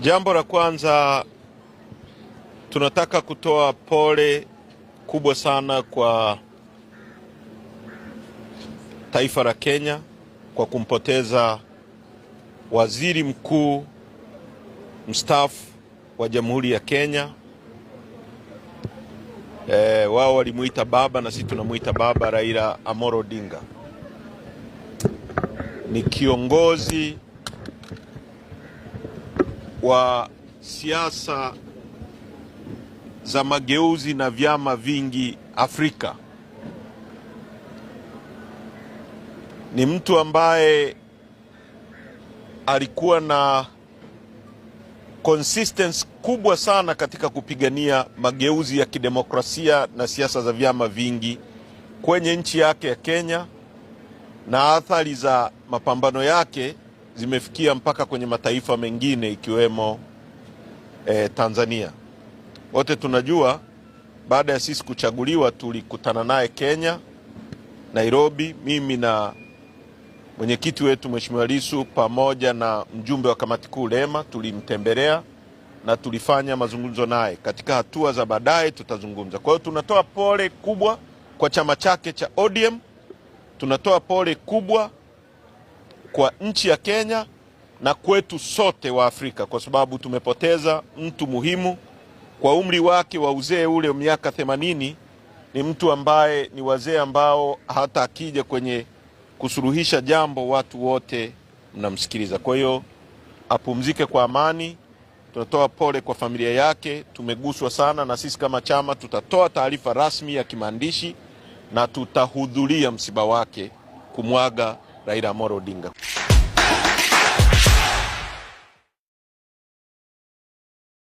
Jambo la kwanza tunataka kutoa pole kubwa sana kwa taifa la Kenya kwa kumpoteza waziri mkuu mstaafu wa Jamhuri ya Kenya. E, wao walimuita baba na sisi tunamuita baba. Raila Amolo Odinga ni kiongozi wa siasa za mageuzi na vyama vingi Afrika. Ni mtu ambaye alikuwa na consistency kubwa sana katika kupigania mageuzi ya kidemokrasia na siasa za vyama vingi kwenye nchi yake ya Kenya na athari za mapambano yake zimefikia mpaka kwenye mataifa mengine ikiwemo e, Tanzania. Wote tunajua baada ya sisi kuchaguliwa tulikutana naye Kenya, Nairobi, mimi na mwenyekiti wetu Mheshimiwa lisu pamoja na mjumbe wa kamati kuu Lema tulimtembelea na tulifanya mazungumzo naye. Katika hatua za baadaye tutazungumza. Kwa hiyo tunatoa pole kubwa kwa chama chake cha ODM, tunatoa pole kubwa kwa nchi ya Kenya na kwetu sote wa Afrika, kwa sababu tumepoteza mtu muhimu kwa umri wake wa uzee ule miaka themanini. Ni mtu ambaye ni wazee ambao hata akija kwenye kusuluhisha jambo watu wote mnamsikiliza. Kwa hiyo apumzike kwa amani. Tunatoa pole kwa familia yake, tumeguswa sana, na sisi kama chama tutatoa taarifa rasmi ya kimaandishi na tutahudhuria msiba wake kumwaga Raila Amolo Odinga.